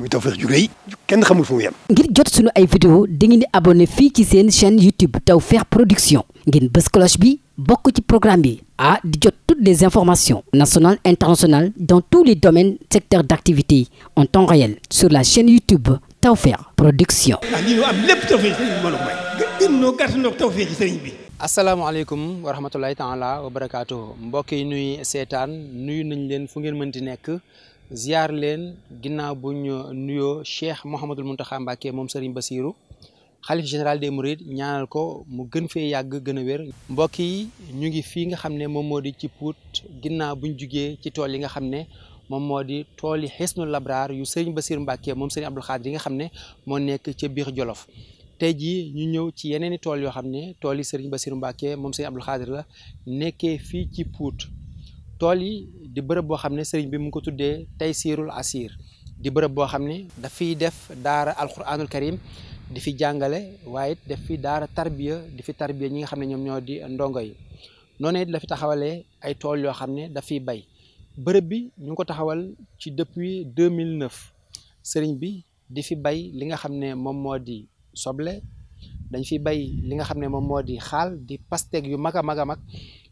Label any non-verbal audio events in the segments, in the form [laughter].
muy Tawfekh ju rëy kenn xamul fu mu ngir jot sunu ay vidéo dangeen di abonné fii ci seen chaîne YouTube Tawfekh Production ngeen bës bi bokk ci programme bi ah di jot toutes les informations nationales internationales dans tous les domaines secteurs d'activité en temps réel sur la chaîne YouTube Tawfekh Production. ah lii ñu am lépp Tawfekh sëriñ bi mbooloo mooy. gën ñoo gàtt ñoo Tawfekh sëriñ bi. asalaamaaleykum wa rahmatulahi taala wa barakaatu nuy seetaan nuyu nañ leen fu ngeen mënti nekk. ziar leen ginnaaw bu ñu nuyoo Cheikh Mouhamadul Mountakha Mbacké moom Serigne Bassirou xalif général des Mourides ñaanal ko mu gën fee yàgg gën a wér. mbokk yi ñu ngi fii nga xam ne moom moo di ci Pout ginnaaw bu ñu jugee ci tool yi nga xam ne moom moo di tool yi Hisnul Abraar yu Serigne Bassirou Mbacké moom Serigne Abdou Khadre yi nga xam ne moo nekk ca biir Jolof. te jii ñu ñëw ci yeneen i tool yoo xam ne tool yi Serigne Bassirou Mbacké moom Serigne Abdou Khadre la nekkee fii ci Pout. tool yi di bërëb boo xam ne sëriñ bi mu ngi ko tuddee tey Taysirul Asir di bërëb boo xam ne dafiy def daara alquranul karim di fi jàngale waaye it daf fi daara tarbiya di fi tarbiya ñi nga xam ne ñoom ñoo di ndongo yi noonu it dafi fi taxawalee ay tool yoo xam ne daf bay bërëb bi ñu ngi ko taxawal ci depuis 2009 sëriñ bi di fi bay li nga xam ne moom moo di soble dañ fi bay li nga xam ne moom moo di xaal di pastèque yu mag a mag a mag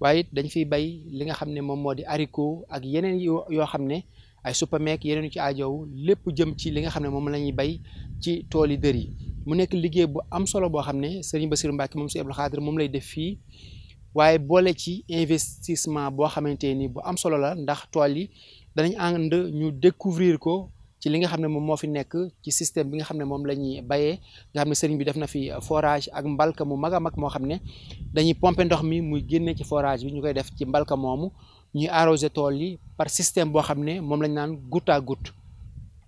waaye it dañ fiy bay li nga xam ne moom moo di haricot ak yeneen yoo xam ne ay suppameek yeneen yu ci aajow lépp jëm ci li nga xam ne moom la ñuy bay ci tool yi dër yi mu nekk liggéey bu am solo boo xam ne Serigne Bassirou Mbacke moom si Abdou Khadre moom lay def fii waaye boole ci investissement boo xamante nii bu am solo la ndax tool yi danañ ànd ñu découvrir ko ci li nga xam ne moom moo fi nekk ci système bi nga xam ne moom la ñuy bayee nga xam ne sëriñ bi def na fi forage ak mbalka mu mag a mag moo xam ne dañuy pompe ndox mi muy génne ci forage bi ñu koy def ci mbalka moomu ñuy arroser tool yi par système boo xam ne moom lañu naan goutte à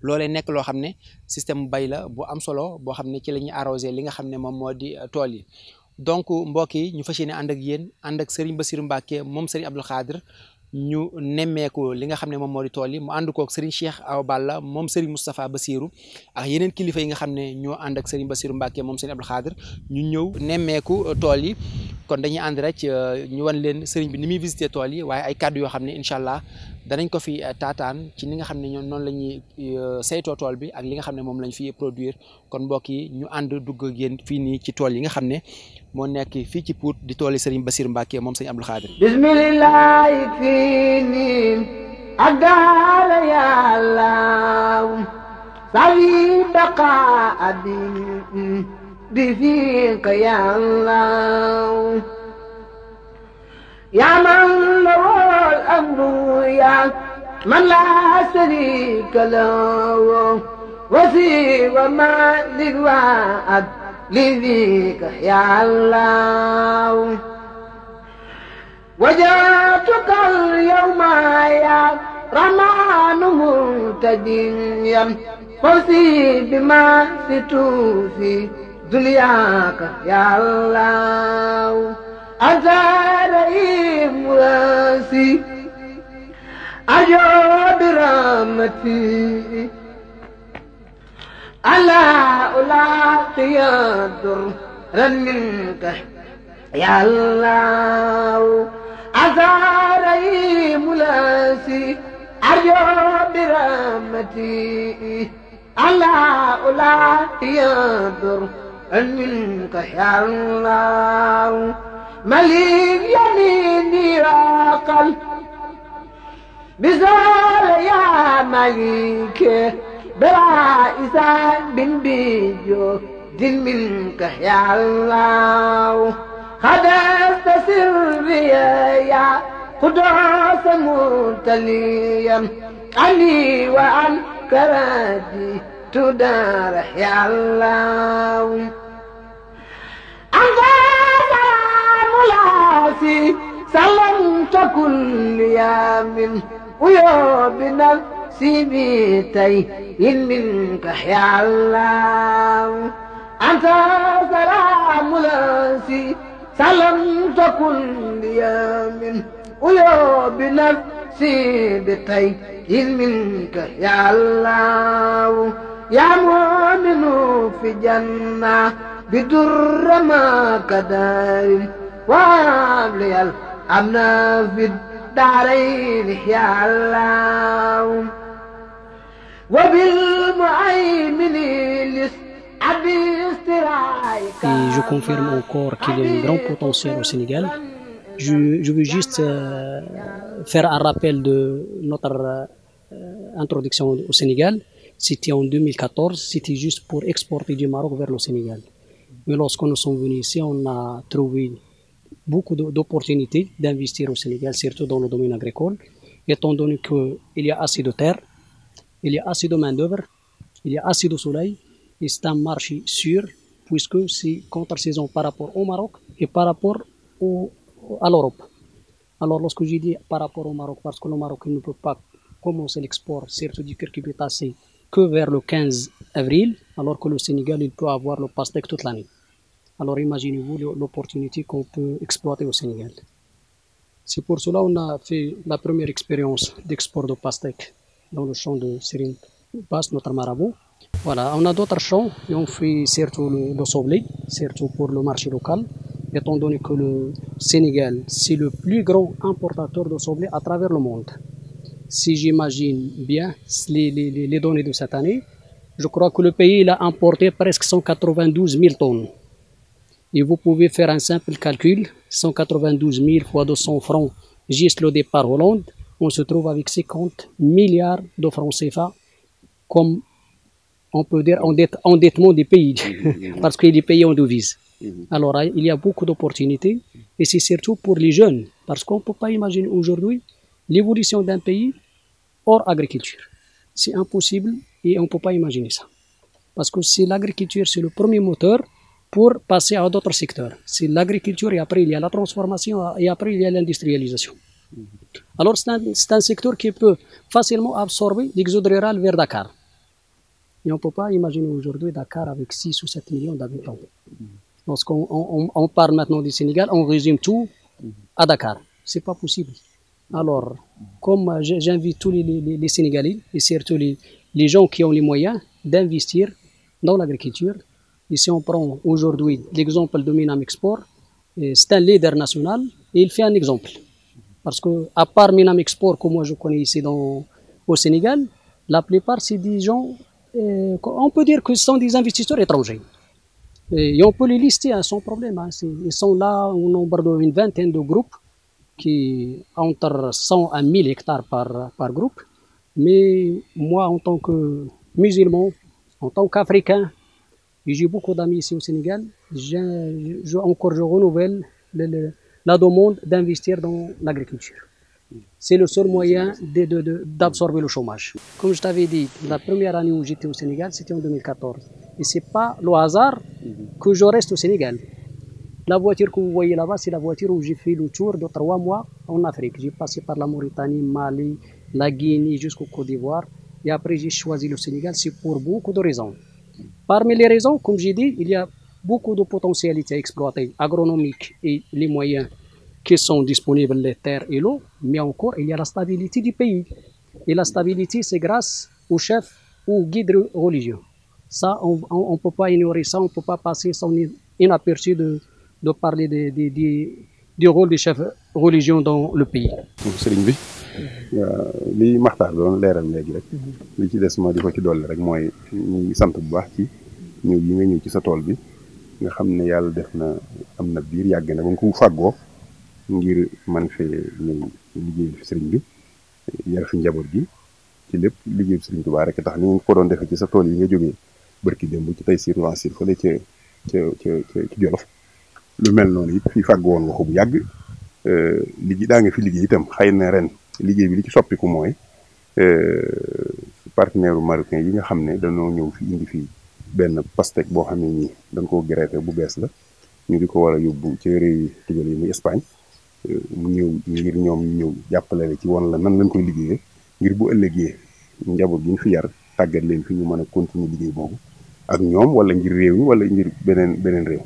loole nekk loo xam ne système bay la bu am solo boo xam ne ci la ñuy arrosé li nga xam ne moom moo di euh, tool yi donc mbokk yi ñu fas yéene ànd ak yéen ànd ak ba Bassirou Mbacké moom Serigne Abdoul Khadr ñu nemmeeku li nga xam ne moom moo di tool yi mu ànd koog Serigne Cheikh Awa Balla moom Serigne Moustapha Bassirou ak yeneen kilifa yi nga xam ne ñoo ànd ak Serigne Bassirou Mbacke moom Serigne Abdou Khadre ñu ñëw nemmeeku tool yi kon dañuy ànd rek euh, ñu wan leen sëriñ bi ni muy visité tool yi waaye ay kàddu yoo xam ne incha allah danañ ko fi euh, taataan ci ni nga xam ne ñoom noonu la ñuy euh, saytoo tool bi ak li nga xam ne moom lañ fi produire kon mbokk yi ñu ànd dugg ak yéen fii nii ci tool yi nga xam ne moo nekk fii ci Pout di tool yi sëriñ Bassirou Mbacké moom sëriñ Abdou Khadre. bismillahi fii nii ak daala yàlla sali baqa abi bi فيك يا الله يا من له الأمر يا من لا شريك له وسوى مالك وعد لذيك يا الله وجاتك اليوم يا رمان مرتديا فوزي بما ستوفي دنياك يا الله أنت رئيم راسي أجو برحمتي ألا ألاقي درا منك يا الله أنت رئيم راسي أجو برحمتي ألا ألاقي درا منك يا الله مليك يميني وقل بزول يا مليك بلا إسان بن بيجو دين منك يا الله خدست سري يا قدوس متليا عني وعن كرادي تدار يا الله أنت سلام لاسي سلمت كل يوم ويا بنفسي بيتي منك يا الله أنت سلام لاسي سلمت كل يوم ويا بنفسي بيتي منك يا الله يا مؤمن في جنة بدر ما كدار وابلي الأمن في الدارين يا الله وبالمؤمن لس Et je confirme encore qu'il y a un grand potentiel au Sénégal. Je, je veux juste euh, faire un rappel de notre euh, introduction au Sénégal. C'était en 2014, c'était pour exporter du Maroc vers le Sénégal. Mais lorsque nous sommes venus ici, on a trouvé beaucoup d'opportunités d'investir au Sénégal, dans le domaine agricole, étant donné qu'il y a assez de terre, il y a assez de main il y a assez de soleil, et c'est un contre-saison par rapport au Maroc et par rapport au, à l'Europe. lorsque j'ai dit par rapport au Maroc, parce que le Maroc il ne peut pas commencer l'export, surtout du cuir que vers le 15 avril, alors que le Sénégal, il peut avoir le pastèque toute l'année. imaginez-vous l'opportunité qu'on peut exploiter au Sénégal. C'est pour cela qu'on a fait la première expérience d'export de pastèque dans le champ de Sérine Passe, notre marabout. Voilà, on a d'autres champs et on fait surtout le, le soblé, surtout pour le marché local, étant donné que le Sénégal, c'est le plus grand importateur de soblé à travers le monde. si j'imagine bien les, les, les, données de cette année, je crois que le pays il a importé presque 192 000 tonnes. Et vous pouvez faire un simple calcul, 192 000 fois 200 francs, juste le départ Hollande, on se trouve avec 50 milliards de francs CFA comme on peut dire endette, endettement des pays, mhm, [laughs] mhm, mhm. parce que les pays en devise. Alors il y a beaucoup d'opportunités, et c'est surtout pour les jeunes, parce qu'on ne peut pas imaginer aujourd'hui l'évolution d'un pays hors agriculture. C'est impossible et on ne peut pas imaginer ça. Parce que c'est l'agriculture, c'est le premier moteur pour passer à d'autres secteurs. C'est l'agriculture et après il la transformation et après il y a l'industrialisation. Alors c'est un, un, secteur qui peut facilement absorber l'exode rural vers Dakar. Et on ne peut pas imaginer aujourd'hui Dakar avec 6 ou 7 millions d'habitants. Lorsqu'on on, on parle maintenant du Sénégal, on résume tout à Dakar. Ce n'est pas possible. Alors, comme j'invite tous les, les, et surtout les, gens qui ont les moyens d'investir dans l'agriculture, et si on prend aujourd'hui l'exemple de Minam Export, c'est un leader national et il fait un exemple. Parce que, à part Minam Export, que moi je connais dans, au Sénégal, la plupart c'est des gens, euh, on dire que ce sont des là, on vingtaine de groupes qui entre 100 à 1000 hectares par, par groupe. Mais moi, en tant que musulman, en tant qu'Africain, j'ai beaucoup d'amis ici au Sénégal. Je, je, encore, je renouvelle le, le, la demande d'investir dans l'agriculture. C'est le seul moyen d'absorber le chômage. Comme je t'avais dit, la première année où j'étais au Sénégal, c'était en 2014. Et ce n'est pas le hasard que je reste au Sénégal. La voiture que vous voyez la voiture de trois mois en Afrique. J'ai passé par la Mauritanie, Mali, la Guinée jusqu'au Côte d'Ivoire. Et après, j'ai choisi de raisons. Parmi comme j'ai dit, a beaucoup de potentialités à exploiter, agronomiques et les moyens Mais encore, il y a la stabilité du pays. Et la stabilité, chef ou guide religieux. Ça, on ne peut pas ignorer de parler des de des du rôle des chefs religieux dans le pays. sëriñ bi euh, li Maxtaar doon leeral léegi rek mhm. li ci des ma di ko ci dolli rek mooy ngi sant bu baax ci ñëw yi nga ñëw ci sa tool bi nga xam ne yàlla def na am na biir yàgg na ba nga ko fàggoo ngir man fee ñëw fi sëriñ bi yar fi njaboot gi ci lépp liggéeyal sëriñ Tuubaa rek tax ni nga ko doon defee ci sa tool yi nga jógee barki démb ci tey sir waa sir fële ca ca Jolof lu mel noonu it fi fàgg woon nga ko bu yàgg euh, liggéey daa nga fi liggéey itam xay na ren liggéey bi li ci soppiku mooy euh, partenaire marocain yi nga xam ne dañoo ñëw fi indi fii benn pastèque boo xam nii dañ koo greffé bu bees la ñu di ko war a yóbbu ci réew tugal yi muy Espagne euh, mu ñëw ngir ñoom ñëw jàppale la ci won la nan lañ koy liggéeyee ngir bu ëllëgee njaboot gi ñu fi yar tàggat leen fi ñu mën a continuer liggéey boobu ak ñoom wala ngir réew yi wala ngir beneen beneen réew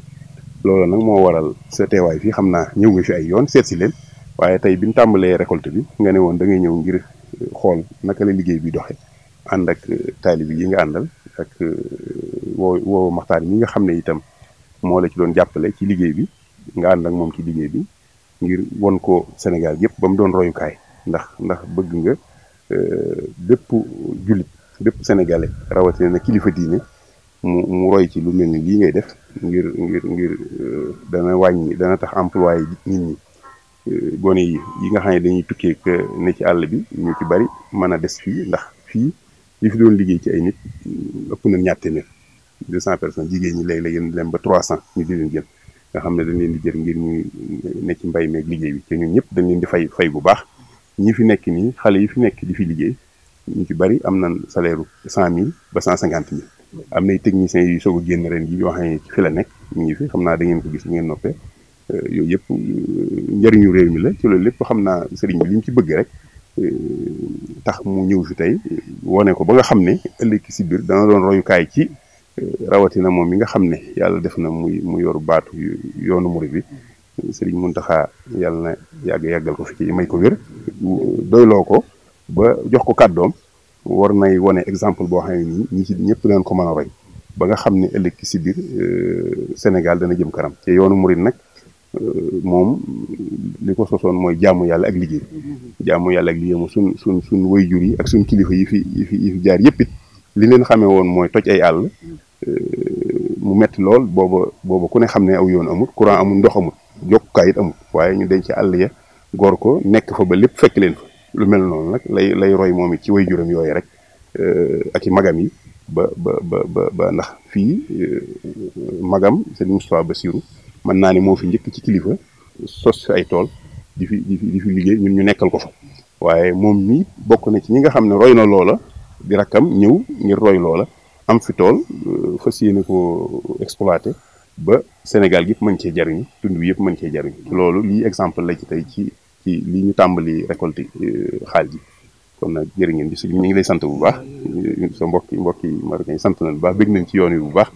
loolu nag moo waral sa teewaay fii xam naa ñëw nga fi ay yoon seet si leen waaye tey bi ñu tàmbalee récolte bi nga ne woon dangay ñëw ngir euh, xool naka la liggéey bi doxee ànd ak euh, taalib yi nga àndal ak euh, woo woo maxtaan mi nga xam ne itam moo la ci doon jàppale ci liggéey bi nga ànd ak moom ci liggéey bi ngir won ko Sénégal yëpp ba mu doon royukaay ndax ndax bëgg nga bépp jullit bépp sénégalais rawatina na kilifa diine mu mu roy ci lu mel ni lii ngay def ngir ngir ngir euh, dana wàññi dana tax employé nit ñi euh, gone yi yi nga xam ne dañuy tukkee euh, ne ci àll bi ñu ci bari mën a des fii ndax fii li fi doon liggéey ci ay nit mm, ëpp na ñaar ne deux cent personnes jigéen ñi léeg-léeg yéen dem ba trois cent ñu di leen jël nga xam ne dañ leen di jël ngir ñu ne ci mbay meeg liggéey bi te ñun ñëpp dañ leen di fay fay bu baax ñi fi nekk nii xale yi fi nekk di fi liggéey ñu ci bari am nañ salaire cent mille ba cent cinquante mille am nay techniciens yu soog a génn ren yi yoo xam fi la nekk ñu ngi fi xam naa da ngeen ko gis bu ngeen noppee euh, yooyu yëpp euh, njëriñu réew mi la ci loolu lépp xam naa sëriñ bi li ci bëgg rek euh, tax mu ñëw fi tey wane ko ba nga xam ne ëllëg si biir dana doon royukaay ci rawatina moom mi nga xam ne yàlla def na muy mu yor baatu yoonu murid bi sëriñ Muntaxa yàlla na yàgg yàggal ko fi ci may ko wér doyloo ba jox ko kàddoom war nay wane exemple boo xam ne nii ñëpp dinañ ko mën a roy ba nga xam ne ëllëg ci biir euh, Sénégal dana jëm kanam ci yoonu murit nag euh, moom li ko sosoon mooy jàmm yàlla ak liggéey jàmm yàlla ak liggéey moom suñ suñ suñ jur yi ak suñ kilifa yi fi yi fi yi jaar yëpp it li leen xamee woon mooy toj ay àll euh, mu metti lool booba booba ku ne xam ne aw yoon amul courant amul ndox amul jokkukaay it waaye ñu denc àll ya gor ko nekk fa ba lépp fekk leen fa lu mel noonu nag lay lay roy moom it ci way juram yooyu rek euh, ak i magam yi ba ba ba ba ndax fii euh, magam Serigne Moustapha Bassirou mën naa ne moo fi njëkk ci kilifa sos fi ay tool di fi di fi liggéey ñu nekkal ko fa waaye moom nii bokk na ci ñi nga xam ne roy na loola di rakkam ñëw ngir roy loola am fi tool euh, fas yéene ko exploité ba Sénégal gi yëpp cee jariñu tund bi yëpp mën cee jariñu loolu lii exemple la ci tey ci ci li ñu tàmbali récolte euh, xaal ji kon nag jërë ngeen gis ñu ngi lay sant bu baax sa mbokki mbokki ma sant nañ bu baax bég nañ ci yoon yi bu baax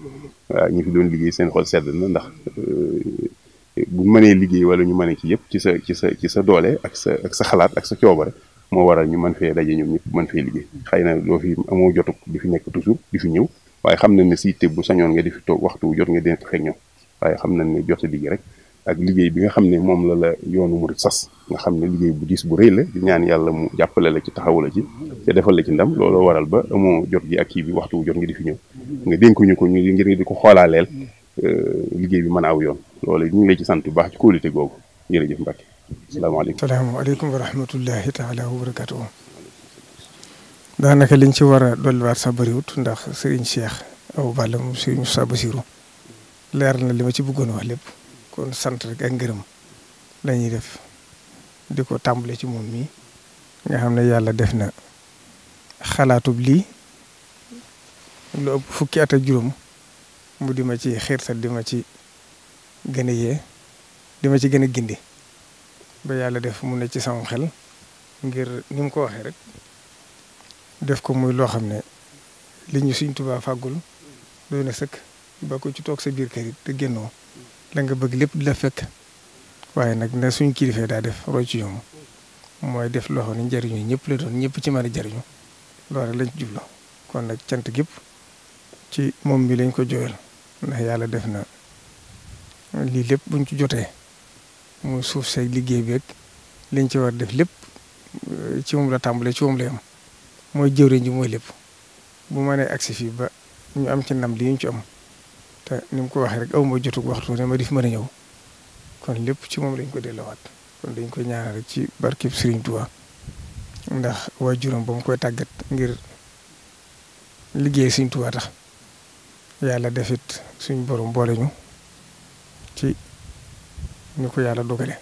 waaw ñu fi doon liggéey seen xol sedd na ndax euh, bu mënee liggéey wala ñu mënee ci yëpp ci sa ci sa ci sa doole ak sa sa xalaat ak sa coobare moo waral ñu mën fee daje ñoom ñëpp mën fee liggéey xëy na doo fi amoo jotug di fi nekk toujours di fi ñëw waaye xam na ne si itte bu ñoon nga di fi toog waxtu jot nga dina fekk ñoom waaye xam nañ ne jot a liggéey rek ak liggéey bi nga xam ne moom la la yoonu murit sas nga xam ne liggéey bu diis bu rëy la di ñaan yàlla mu jàppale la ci taxawu la ci te defal la ci ndam looloo waral ba amoo jot gi ak kii bi waxtu jot ngi di fi ñëw nga dénkuñu ko ñu ngir di ko xoolaaleel euh, liggéey bi mën a aw yoon loolu ñu ngi lay ci sant bu baax ci kóolute googu jërëjëf Mbacke salaamaaleykum salaamaaleykum wa rahmatullahi taala wa barakatuh daanaka liñ ci war a dolliwaat sa bëriwut ndax sëriñ seex aw Balla moom sëriñ Moussa Bassirou leer na li ma ci bëggoon wax lépp kon sant rek ak ngërëm lañuy def di ko tàmbale ci moom mi nga xam ne yàlla def na xalaatub lii lu ëpp fukki at ak juróom mu di ma ci sa di ma ci gën a yee di ma ci gën a gindi ba yàlla def mu ne ci sama xel ngir ni ko waxee rek def ko muy loo xam ne li ñu Sëriñ Tuubaa fàggul doy na sëkk ba ko ci toog sa biir kër it te génnoo la nga bëgg lépp di la fekk waaye nag na suñ kilifee daa def roy ci ñoom mooy def loxo xam ne njariñu ñëpp la doon ñëpp ci man a jariñu loolu rek kon nag cant gépp ci moom bi lañ ko jooyal ndax yàlla def na lii lépp buñ ci jotee mu suuf seeg liggéey bi lañ liñ ci war def lépp eh, ci moom la tàmbalee ci moom la yam mooy jëwriñ ji mooy lépp bu ma nee agsi fii ba ñu am ci nam li ñu ci am te ni mu ko waxee rek aw ma jotug waxtu ne ma di fi mën a ñëw kon lépp ci moom lañ ko delloowaat kon dañ koy ñaanal rek ci barkeb Serigne Touba ndax waajuram ba mu koy tàggat ngir liggéey Serigne Touba tax yàlla defit suñ borom boole ci ñu ko yàlla dogale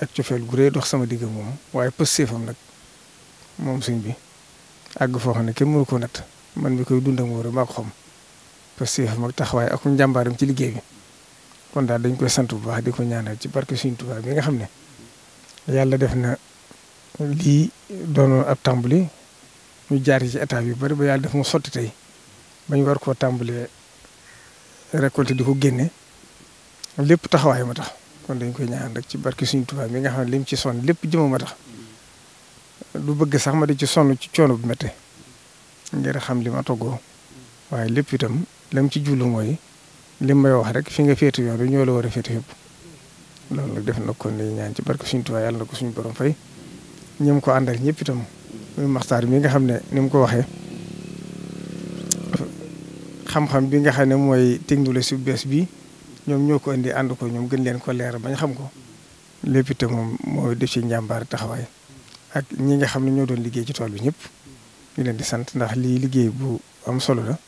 ak cofeel gu rëy dox sama digg moom waaye pëstéefam nag moom suñ bi àgg foo xam ne kenn mënu ko natt man mi koy dund ak moom rek maa ko xam. pastéefam ak taxawaay ak njàmbaaram ci liggéey bi kon daal dañ koy sant bu baax di ko ñaanal ci barke Sëriñ Tuubaa bi nga xam ne yàlla def na lii doonoon ab tàmbali ñu jaar ci état yu bari ba yàlla def mu sotti tey ba war koo tàmbalee récolté di ko génne lépp taxawaay ma tax kon dañ koy ñaan rek ci barke Sëriñ Tuubaa bi nga xam ne lim ci sonn lépp jëma ma tax du bëgg sax ma di ci sonn ci coono bu métte ngir xam li ma toggoo waaye lépp itam lam ci jullu mooy lim may wax rek fi nga féete yoon bi ñoo la war a féete yëpp loolu def na ko ni ñaan ci barke suñu Tuubaa yàlla na ko suñu borom fay ñi ko àndal ñëpp itam muy nga xam ne ni ko waxee xam-xam nga xam ne mooy technologie su bees bi ñoom ñoo ko indi ànd ko ñoom gën leen ko leer bañ xam ko lépp itam moom moo def ci njàmbaar taxawaay ak ñi nga xam ne ñoo doon liggéey ci tool bi ñëpp ñu leen di sant ndax lii liggéey bu am solo la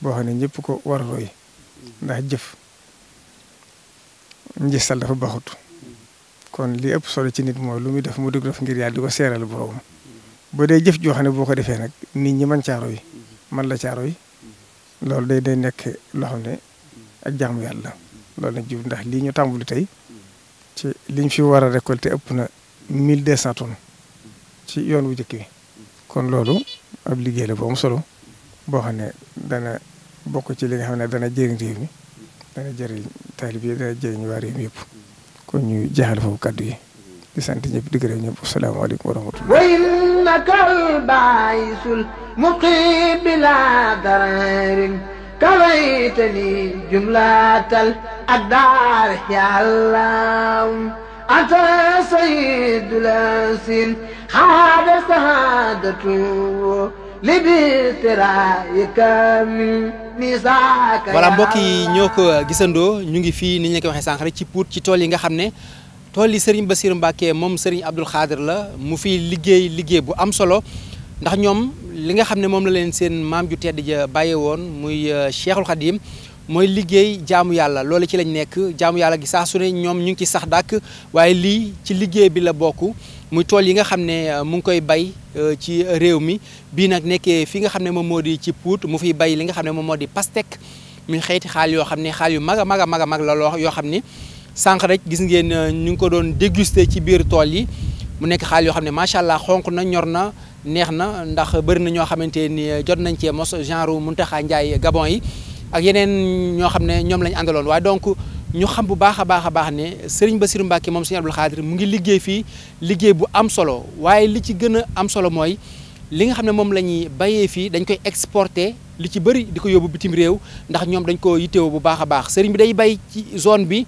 boo xam ne ñëpp ko war a roy ndax jëf njëstal dafa baaxut kon li ëpp solo ci nit mooy lu muy def mu dugg def ngir yàlla di ko seeral borom boo dee jëf joo xam ne boo ko defee nag nit ñi man caaro yi man la caaro yi loolu day day nekk loo ne ak jaamu yàlla loolu la jub ndax lii ñu tàmbali tey ci liñ fi war a récolter ëpp na mille deux cent tonnes ci yoon wu njëkk bi kon loolu ab liggéey la boobu solo boo xam ne dana bokk ci li nga xam ne dana jëriñ réew mi dana jëriñ taalib dana jëriñ waa réew mi yëpp ñu jeexal foofu kaddu yi di sant ñëpp di gërëm ñëpp asalaamaaleykum wa rahmatullah wa innaka albaayisul muqim dararin كويتني جملة الأقدار يا الله أنت سيد الأنسين هذا سعادته لبيت رايك من voilà mbokk yi ñoo ko gisandoo ñu ngi fii ni ñu ko waxee sànq ci Pout ci tool yi nga xam ne tool yi Serigne Bassirou Mbacké moom Serigne Abdoul Khadir la mu fi liggéey liggéey bu am solo ndax ñoom li nga xam ne moom la leen seen maam ju tedd ja bàyyee woon muy euh, Cheikhul Khadim mooy liggéey jaamu yàlla loolu ci lañ nekk jaamu yàlla gi saa su ne ñoom ñu ngi ci sax dàkk waaye lii ci liggéey bi la bokk muy tool yi nga xam ne euh, mu ngi koy bay euh, ci réew mi bii nag nekkee fi nga xam ne moom moo di ci Pout mu fiy bay li nga xam ne moom moo di pastèque muy xeeti xaal yoo xam ne xaal yu mag a mag a mag a mag la loo yoo xam ne sànq rek gis ngeen euh, ñu ngi ko doon déguster ci biir tool yi mu nekk xaal yoo xam ne macha allah xonq na ñor na neex na ndax bëri na ñoo xamante ni jot nañ cee mos genre Mountakha Ndiaye Gabon yi ak yeneen ñoo xam ne ñoom lañ àndaloon waaye donc ñu xam bu baax a baax a baax ne Serigne Bassirou Mbacké moom Serigne Abdoul Khadir mu ngi liggéey fii liggéey bu am solo waaye li ci gën a am solo mooy li nga xam ne moom la ñuy bayee fii dañ koy exporter li ci bëri di ko yóbbu bitim réew ndax ñoom dañ ko yittewoo bu baax a baax Serigne bi bay ci zone bi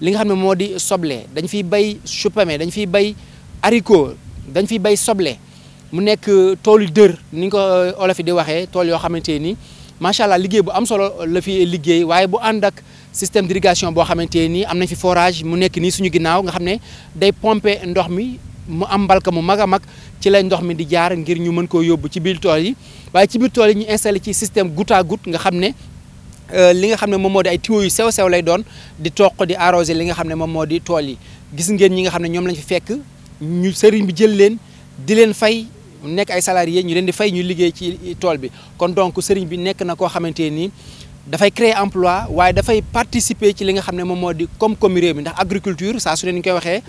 li nga xam ne moo di soble dañ fiy bay chou pommé dañ bay haricot dañ fiy bay soble mu nekk toolu dër ni ko euh, olof yi di waxee tool yoo xamante ni macha allah liggéey bu am solo la fi liggéey waaye bu ànd ak. système rigation boo xamante nii am nañ fi forage mu nekk nii suñu ginnaaw nga xam ne day pomper ndox mi mu am mbalka mu mag a mag ci lay ndox mi di jaar ngir ñu mën koo yóbbu ci biir tool yi waaye ci biir tool yi ñu installé ci système gout à goutte nga xam ne euh, li nga xam ne moom moo di ay tuyaux sew sew lay doon di toq di arroser li nga xam ne moom moo di tool yi gis ngeen ñi nga xam ne ñoom lañ fi fekk ñu sëriñ bi jël leen di leen fay nekk ay salarié ñu leen di fay ñu liggéey ci tool bi kon donc sëriñ bi nekk na koo xamante nii dafay créer emploi waaye dafay participer ci li nga xam ne moom moo di koom-koomu réew mi ndax agriculture saa su ne ñu koy waxee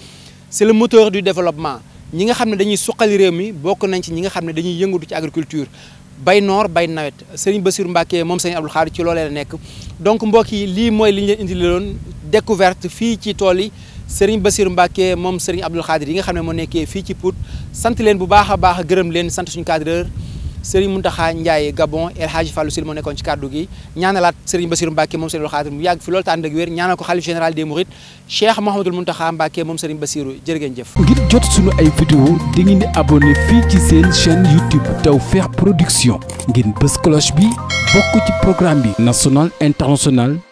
c'est le moteur du développement ñi nga xam ne dañuy suqali réew mi bokk nañ ci ñi nga xam ne dañuy yëngatu ci agriculture bay noor bay nawet sëriñ Bassirou Mbacké moom sëriñ Abdou Khadre ci loolee la nekk donc mbokk yi lii mooy li ñu leen indiloon découverte fii ci tool yi sëriñ Bassirou Mbacké moom sëriñ Abdou yi nga xam ne moo nekkee fii ci Pout sant leen bu baax a baax gërëm leen sant suñu cadreur Serigne Mountakha Ndiaye Gabon El Hadji Fallou Sil moo nekkoon ci kàddu gi ñaanalaat Serigne Bassirou Mbacké moom Serigne Xaadir mu yàgg fi loolu tànn ak wér ñaanal ko xalif général des Mourides Cheikh Mouhamadoul Mountakha Mbacké moom Serigne Bassirou jërë jëf. ngir jot suñu ay vidéo di ngeen di fii ci seen chaîne YouTube Tawfekh Production ngeen bës cloche bi bokk ci programme bi national international.